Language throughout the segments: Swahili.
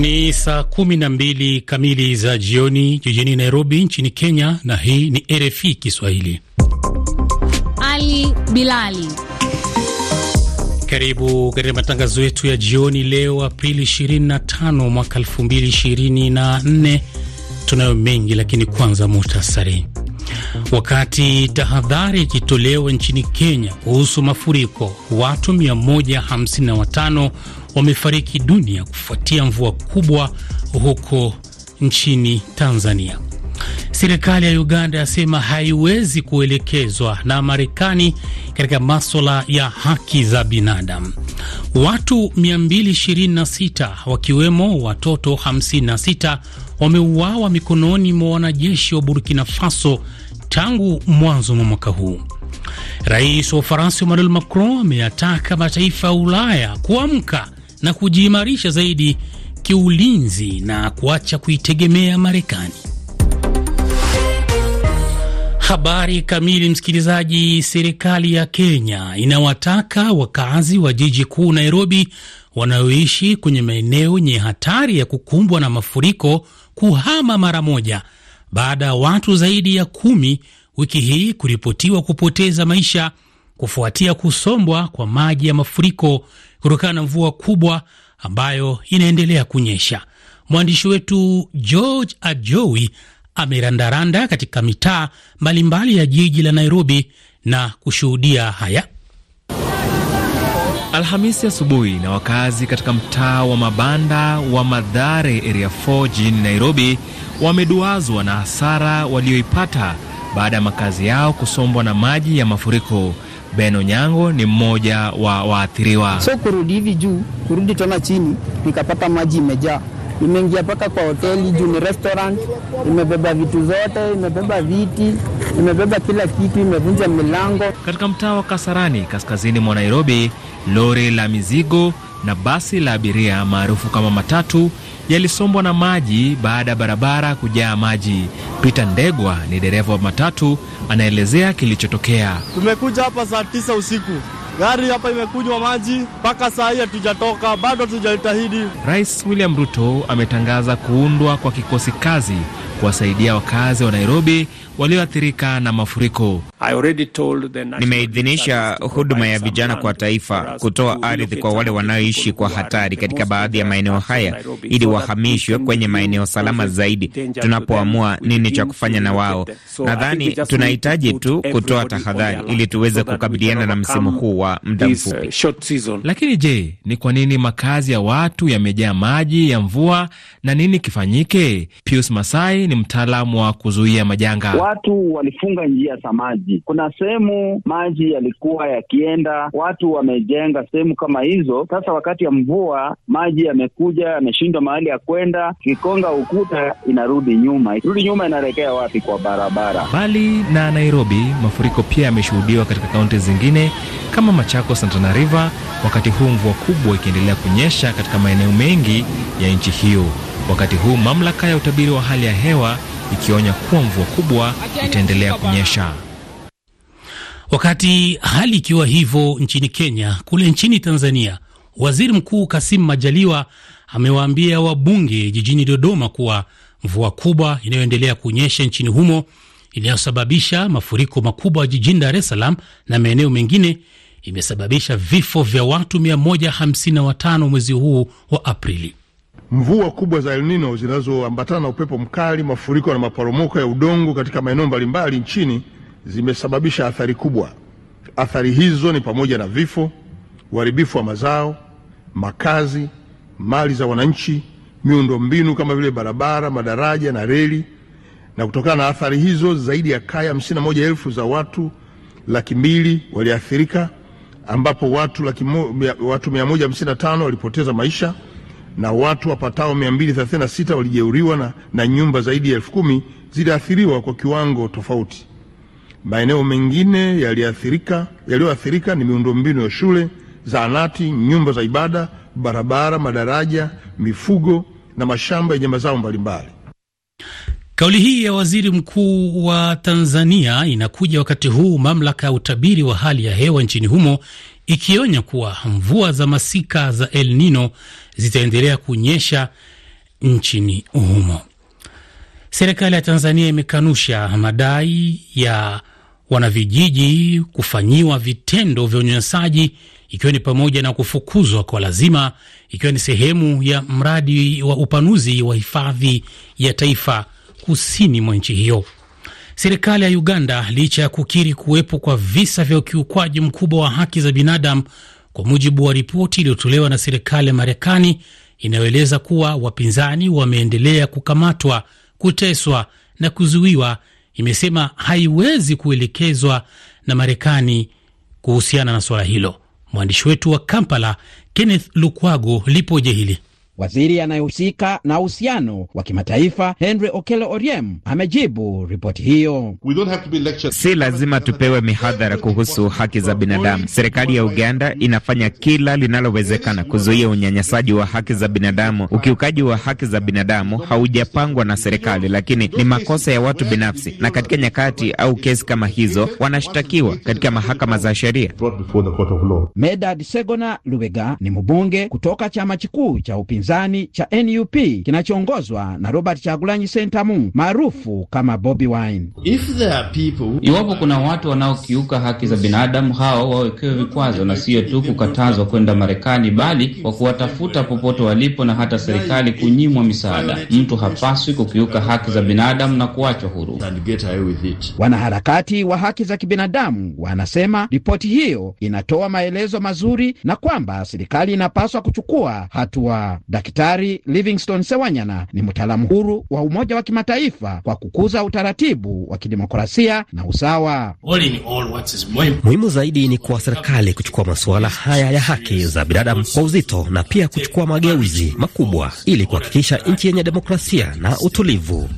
Ni saa kumi na mbili kamili za jioni jijini Nairobi nchini Kenya, na hii ni RFI Kiswahili. Ali Bilali, karibu katika matangazo yetu ya jioni leo Aprili 25 mwaka 2024. Tunayo mengi lakini kwanza muhtasari. Wakati tahadhari ikitolewa nchini Kenya kuhusu mafuriko, watu 155 wamefariki dunia kufuatia mvua kubwa huko nchini Tanzania. Serikali ya Uganda yasema haiwezi kuelekezwa na Marekani katika maswala ya haki za binadamu. Watu 226 wakiwemo watoto 56 wameuawa mikononi mwa wanajeshi wa Burkina Faso tangu mwanzo mwa mwaka huu. Rais wa Ufaransa Emmanuel Macron ameyataka mataifa ya Ulaya kuamka na kujiimarisha zaidi kiulinzi na kuacha kuitegemea Marekani. Habari kamili, msikilizaji. Serikali ya Kenya inawataka wakazi wa jiji kuu Nairobi wanaoishi kwenye maeneo yenye hatari ya kukumbwa na mafuriko kuhama mara moja baada ya watu zaidi ya kumi wiki hii kuripotiwa kupoteza maisha kufuatia kusombwa kwa maji ya mafuriko kutokana na mvua kubwa ambayo inaendelea kunyesha. Mwandishi wetu George Ajowi amerandaranda katika mitaa mbalimbali ya jiji la Nairobi na kushuhudia haya. Alhamisi asubuhi na wakazi katika mtaa wa mabanda wa Madhare area 4 jijini Nairobi wameduazwa na hasara walioipata baada ya makazi yao kusombwa na maji ya mafuriko. Ben Onyango ni mmoja wa waathiriwa. So kurudi hivi juu, kurudi tena chini, nikapata maji imejaa imeingia mpaka kwa hoteli juu ni restaurant, imebeba vitu zote, imebeba viti, imebeba kila kitu, imevunja milango. Katika mtaa wa Kasarani, kaskazini mwa Nairobi, lori la mizigo na basi la abiria maarufu kama matatu yalisombwa na maji baada ya barabara kujaa maji. Pita Ndegwa ni dereva wa matatu, anaelezea kilichotokea. Tumekuja hapa saa tisa usiku gari hapa imekunywa maji mpaka saa hii hatujatoka, bado hatujajitahidi. Rais William Ruto ametangaza kuundwa kwa kikosi kazi kuwasaidia wakazi wa Nairobi walioathirika na mafuriko. Nimeidhinisha huduma ya vijana kwa taifa kutoa ardhi kwa wale wanaoishi kwa hatari katika baadhi ya maeneo haya ili wahamishwe kwenye maeneo salama zaidi, tunapoamua nini cha kufanya na wao. Nadhani tunahitaji tu kutoa tahadhari ili tuweze kukabiliana na msimu huu wa muda uh, mfupi. Lakini je, ni kwa nini makazi ya watu yamejaa maji ya mvua na nini kifanyike? Pius Masai ni mtaalamu wa kuzuia majanga. Watu walifunga njia za maji, kuna sehemu maji yalikuwa yakienda, watu wamejenga sehemu kama hizo. Sasa wakati ya mvua maji yamekuja, yameshindwa mahali ya kwenda, kikonga ukuta, inarudi nyuma, rudi nyuma, inaelekea wapi? Kwa barabara. Bali na Nairobi, mafuriko pia yameshuhudiwa katika kaunti zingine kama Machakos na Tana River, wakati huu mvua kubwa ikiendelea kunyesha katika maeneo mengi ya nchi hiyo wakati huu mamlaka ya utabiri wa hali ya hewa ikionya kuwa mvua kubwa itaendelea kunyesha. Wakati hali ikiwa hivyo nchini Kenya, kule nchini Tanzania, Waziri Mkuu Kasim Majaliwa amewaambia wabunge jijini Dodoma kuwa mvua kubwa inayoendelea kunyesha nchini humo inayosababisha mafuriko makubwa jijini Dar es Salaam na maeneo mengine imesababisha vifo vya watu 155 mwezi huu wa Aprili mvua kubwa za El Nino zinazoambatana na upepo mkali, mafuriko na maporomoko ya udongo katika maeneo mbalimbali nchini zimesababisha athari kubwa. Athari hizo ni pamoja na vifo, uharibifu wa mazao, makazi, mali za wananchi, miundombinu kama vile barabara, madaraja na reli. Na kutokana na athari hizo, zaidi ya kaya hamsini na moja elfu za watu laki mbili waliathirika, ambapo watu, watu tano walipoteza maisha na watu wapatao 236 walijeruhiwa na, na nyumba zaidi ya elfu kumi ziliathiriwa kwa kiwango tofauti. Maeneo mengine yaliyoathirika yaliyoathirika ni miundombinu ya shule, zahanati, nyumba za ibada, barabara, madaraja, mifugo na mashamba yenye mazao mbalimbali. Kauli hii ya waziri mkuu wa Tanzania inakuja wakati huu mamlaka ya utabiri wa hali ya hewa nchini humo ikionya kuwa mvua za masika za El Nino zitaendelea kunyesha nchini humo. Serikali ya Tanzania imekanusha madai ya wanavijiji kufanyiwa vitendo vya unyanyasaji ikiwa ni pamoja na kufukuzwa kwa lazima ikiwa ni sehemu ya mradi wa upanuzi wa hifadhi ya taifa kusini mwa nchi hiyo. Serikali ya Uganda, licha ya kukiri kuwepo kwa visa vya ukiukwaji mkubwa wa haki za binadamu, kwa mujibu wa ripoti iliyotolewa na serikali ya Marekani inayoeleza kuwa wapinzani wameendelea kukamatwa, kuteswa na kuzuiwa, imesema haiwezi kuelekezwa na Marekani kuhusiana na suala hilo. Mwandishi wetu wa Kampala, Kenneth Lukwago, lipoje hili Waziri anayehusika na uhusiano wa kimataifa Henry Okello Oriem amejibu ripoti hiyo. Si lazima tupewe mihadhara kuhusu haki za binadamu. Serikali ya Uganda inafanya kila linalowezekana kuzuia unyanyasaji wa haki za binadamu. Ukiukaji wa haki za binadamu haujapangwa na serikali, lakini ni makosa ya watu binafsi, na katika nyakati au kesi kama hizo wanashtakiwa katika mahakama za sheria. Medad Segona Lubega ni mbunge kutoka chama kikuu cha upinzani upinzani cha NUP kinachoongozwa na Robert Chagulanyi Sentamu maarufu kama Bobi Wine. If there are people... iwapo kuna watu wanaokiuka haki za binadamu, hao wawekewe vikwazo na siyo tu kukatazwa kwenda Marekani, bali kwa kuwatafuta popote walipo na hata serikali kunyimwa misaada. Mtu hapaswi kukiuka haki za binadamu na kuachwa huru. Wanaharakati wa haki za kibinadamu wanasema ripoti hiyo inatoa maelezo mazuri na kwamba serikali inapaswa kuchukua hatua. Daktari Livingstone Sewanyana ni mtaalamu huru wa Umoja wa Kimataifa kwa kukuza utaratibu wa kidemokrasia na usawa. Muhimu zaidi ni kwa serikali kuchukua masuala haya ya haki za binadamu kwa uzito na pia kuchukua mageuzi makubwa ili kuhakikisha nchi yenye demokrasia na utulivu.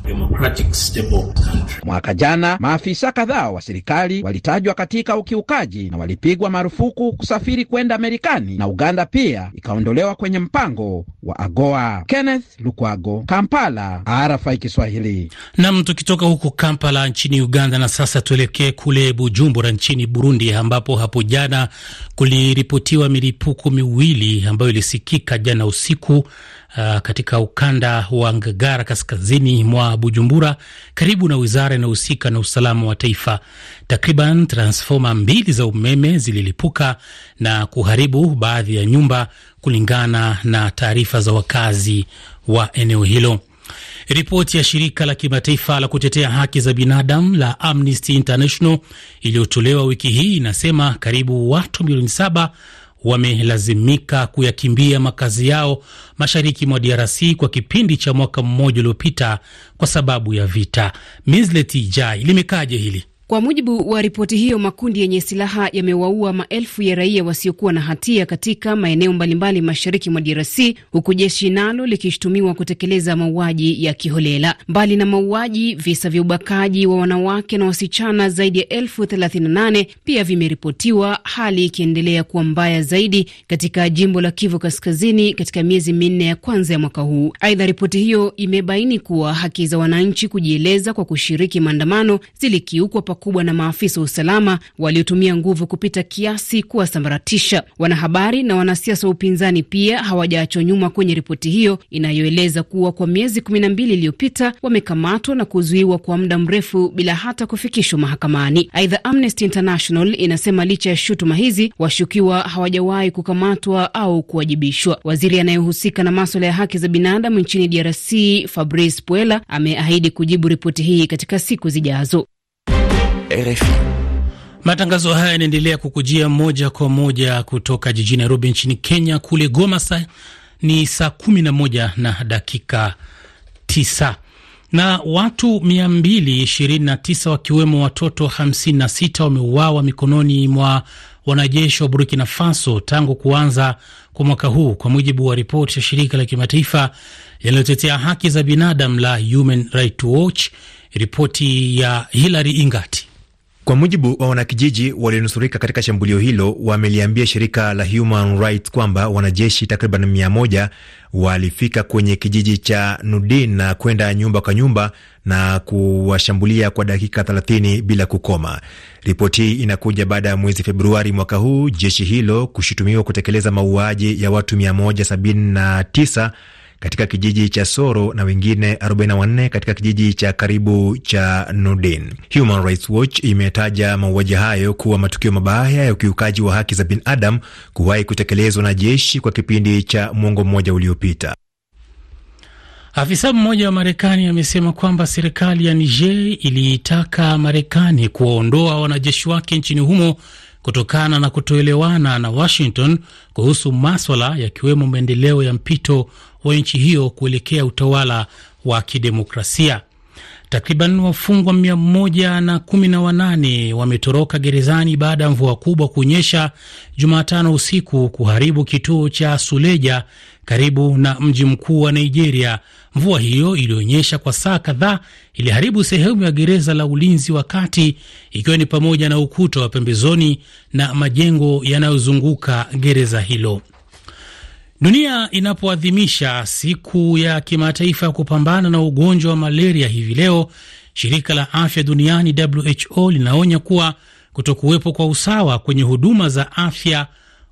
Mwaka jana maafisa kadhaa wa serikali walitajwa katika ukiukaji na walipigwa marufuku kusafiri kwenda Marekani na Uganda pia ikaondolewa kwenye mpango wa AGOA. Kenneth Lukwago, Kampala, RFI Kiswahili. Nam, tukitoka huko Kampala nchini Uganda na sasa tuelekee kule Bujumbura nchini Burundi, ambapo hapo jana kuliripotiwa milipuko miwili ambayo ilisikika jana usiku uh, katika ukanda wa Ngagara kaskazini mwa Bujumbura karibu na wizara inayohusika na usalama wa taifa. Takriban transfoma mbili za umeme zililipuka na kuharibu baadhi ya nyumba, kulingana na taarifa za wakazi wa eneo hilo. Ripoti ya shirika la kimataifa la kutetea haki za binadamu la Amnesty International iliyotolewa wiki hii inasema karibu watu milioni saba wamelazimika kuyakimbia makazi yao mashariki mwa DRC kwa kipindi cha mwaka mmoja uliopita kwa sababu ya vita. Mislet Jai, limekaaje hili? Kwa mujibu wa ripoti hiyo, makundi yenye silaha yamewaua maelfu ya raia wasiokuwa na hatia katika maeneo mbalimbali mashariki mwa DRC, huku jeshi nalo likishutumiwa kutekeleza mauaji ya kiholela. Mbali na mauaji, visa vya ubakaji wa wanawake na wasichana zaidi ya elfu 38 pia vimeripotiwa, hali ikiendelea kuwa mbaya zaidi katika jimbo la Kivu Kaskazini katika miezi minne ya kwanza ya mwaka huu. Aidha, ripoti hiyo imebaini kuwa haki za wananchi kujieleza kwa kushiriki maandamano zilikiukwa wakubwa na maafisa wa usalama waliotumia nguvu kupita kiasi kuwasambaratisha. Wanahabari na wanasiasa wa upinzani pia hawajaachwa nyuma kwenye ripoti hiyo inayoeleza kuwa kwa miezi kumi na mbili iliyopita wamekamatwa na kuzuiwa kwa muda mrefu bila hata kufikishwa mahakamani. Aidha, Amnesty International inasema licha ya shutuma hizi, washukiwa hawajawahi kukamatwa au kuwajibishwa. Waziri anayehusika na maswala ya haki za binadamu nchini DRC Fabrice Puela ameahidi kujibu ripoti hii katika siku zijazo. RFI. Matangazo haya yanaendelea kukujia moja kwa moja kutoka jijini Nairobi nchini Kenya. Kule Goma saa ni saa kumi na moja na dakika tisa na watu 229 wakiwemo watoto 56 wameuawa mikononi mwa wanajeshi wa Burkina Faso tangu kuanza kwa mwaka huu, kwa mujibu wa ripoti ya shirika la kimataifa yanayotetea haki za binadamu la Human Rights Watch, ripoti ya Hilary Ingati. Kwa mujibu wa wanakijiji walionusurika katika shambulio hilo, wameliambia shirika la Human Rights kwamba wanajeshi takriban mia moja walifika kwenye kijiji cha Nudin na kwenda nyumba kwa nyumba na kuwashambulia kwa dakika 30 bila kukoma. Ripoti hii inakuja baada ya mwezi Februari mwaka huu jeshi hilo kushutumiwa kutekeleza mauaji ya watu 179 katika kijiji cha Soro na wengine 44 katika kijiji cha karibu cha Nudin. Human Rights Watch imetaja mauaji hayo kuwa matukio mabaya ya ukiukaji wa haki za binadamu kuwahi kutekelezwa na jeshi kwa kipindi cha mwongo mmoja uliopita. Afisa mmoja wa Marekani amesema kwamba serikali ya Niger iliitaka Marekani kuwaondoa wanajeshi wake nchini humo kutokana na kutoelewana na Washington kuhusu maswala yakiwemo maendeleo ya mpito wa nchi hiyo kuelekea utawala wa kidemokrasia. Takriban wafungwa 118 wametoroka gerezani baada ya mvua kubwa kunyesha Jumatano usiku kuharibu kituo cha Suleja karibu na mji mkuu wa Nigeria. Mvua hiyo iliyoonyesha kwa saa kadhaa iliharibu sehemu ya gereza la ulinzi wa kati, ikiwa ni pamoja na ukuta wa pembezoni na majengo yanayozunguka gereza hilo. Dunia inapoadhimisha siku ya kimataifa ya kupambana na ugonjwa wa malaria hivi leo, shirika la afya duniani WHO linaonya kuwa kutokuwepo kwa usawa kwenye huduma za afya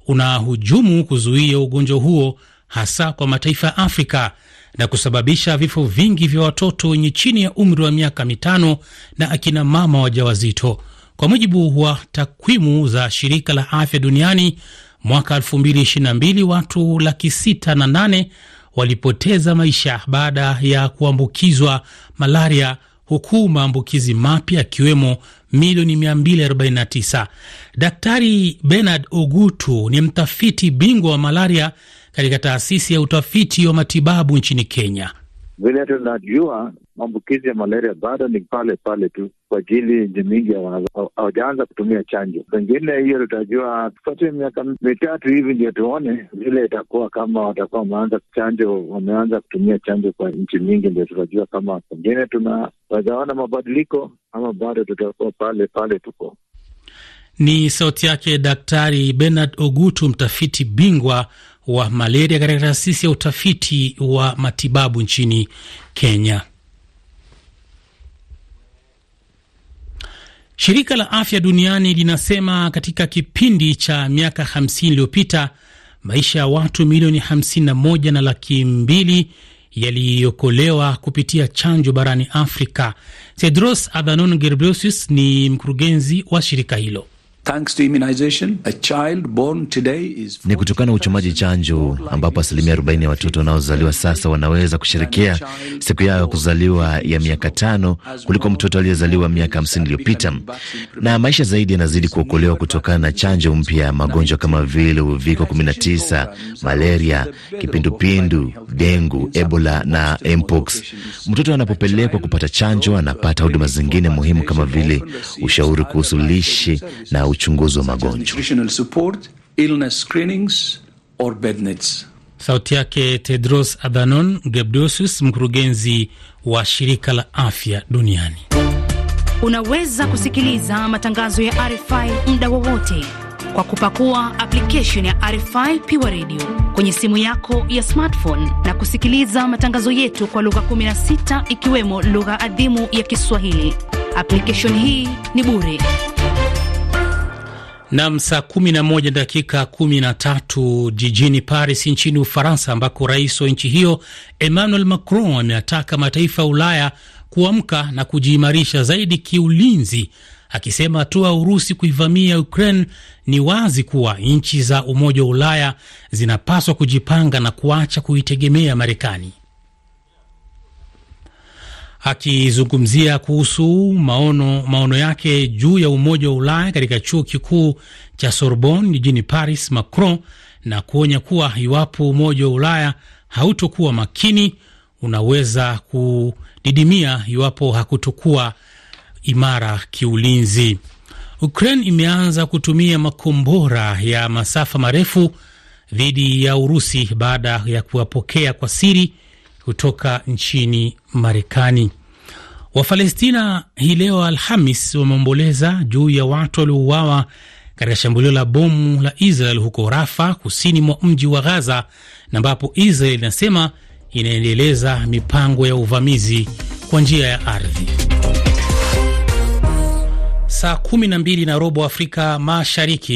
unahujumu kuzuia ugonjwa huo hasa kwa mataifa ya Afrika na kusababisha vifo vingi vya watoto wenye chini ya umri wa miaka mitano na akina mama wajawazito. Kwa mujibu wa takwimu za shirika la afya duniani, Mwaka 2022 watu laki sita na nane walipoteza maisha baada ya kuambukizwa malaria huku maambukizi mapya akiwemo milioni 249. Daktari Bernard Ogutu ni mtafiti bingwa wa malaria katika taasisi ya utafiti wa matibabu nchini Kenya. Vile tunajua maambukizi ya malaria bado ni pale pale tu, kwa ajili nchi mingi hawajaanza kutumia chanjo. Pengine hiyo tutajua, tupatie miaka mitatu hivi ndio tuone vile itakuwa, kama watakuwa wameanza chanjo, wameanza kutumia chanjo kwa nchi mingi, ndio tutajua kama pengine tunawezaona mabadiliko ama bado tutakuwa pale pale tuko. Ni sauti yake Daktari Bernard Ogutu, mtafiti bingwa wa malaria katika taasisi ya utafiti wa matibabu nchini Kenya. Shirika la Afya Duniani linasema katika kipindi cha miaka 50 iliyopita maisha ya watu milioni 51 na laki mbili yaliyokolewa kupitia chanjo barani Afrika. Tedros Adhanom Ghebreyesus ni mkurugenzi wa shirika hilo ni kutokana na uchomaji chanjo ambapo asilimia 40 ya watoto wanaozaliwa sasa wanaweza kusherekea siku yao ya kuzaliwa ya miaka tano kuliko mtoto aliyezaliwa miaka 50 iliyopita, na maisha zaidi yanazidi kuokolewa kutokana na chanjo mpya ya magonjwa kama vile uviko 19, malaria, kipindupindu, dengu, ebola na mpox. Mtoto anapopelekwa kupata chanjo anapata huduma zingine muhimu kama vile ushauri kuhusu lishe na uchunguzi wa magonjwa. Sauti yake Tedros Adhanom Ghebreyesus, mkurugenzi wa shirika la afya duniani. Unaweza kusikiliza matangazo ya RFI muda wowote kwa kupakua application ya RFI Pure Radio kwenye simu yako ya smartphone na kusikiliza matangazo yetu kwa lugha 16 ikiwemo lugha adhimu ya Kiswahili. Application hii ni bure. Nam, saa kumi na moja dakika kumi na tatu jijini Paris nchini Ufaransa, ambako rais wa nchi hiyo Emmanuel Macron ameataka mataifa ya Ulaya kuamka na kujiimarisha zaidi kiulinzi, akisema hatua ya Urusi kuivamia Ukraine ni wazi kuwa nchi za Umoja wa Ulaya zinapaswa kujipanga na kuacha kuitegemea Marekani. Akizungumzia kuhusu maono, maono yake juu ya umoja wa Ulaya katika chuo kikuu cha Sorbonne jijini Paris, Macron na kuonya kuwa iwapo umoja wa Ulaya hautokuwa makini unaweza kudidimia iwapo hakutokuwa imara kiulinzi. Ukraine imeanza kutumia makombora ya masafa marefu dhidi ya Urusi baada ya kuwapokea kwa siri kutoka nchini Marekani. Wafalestina hii leo Alhamis wameomboleza juu ya watu waliouawa katika shambulio la bomu la Israel huko Rafa, kusini mwa mji wa Gaza, na ambapo Israel inasema inaendeleza mipango ya uvamizi kwa njia ya ardhi. Saa kumi na mbili na robo Afrika Mashariki.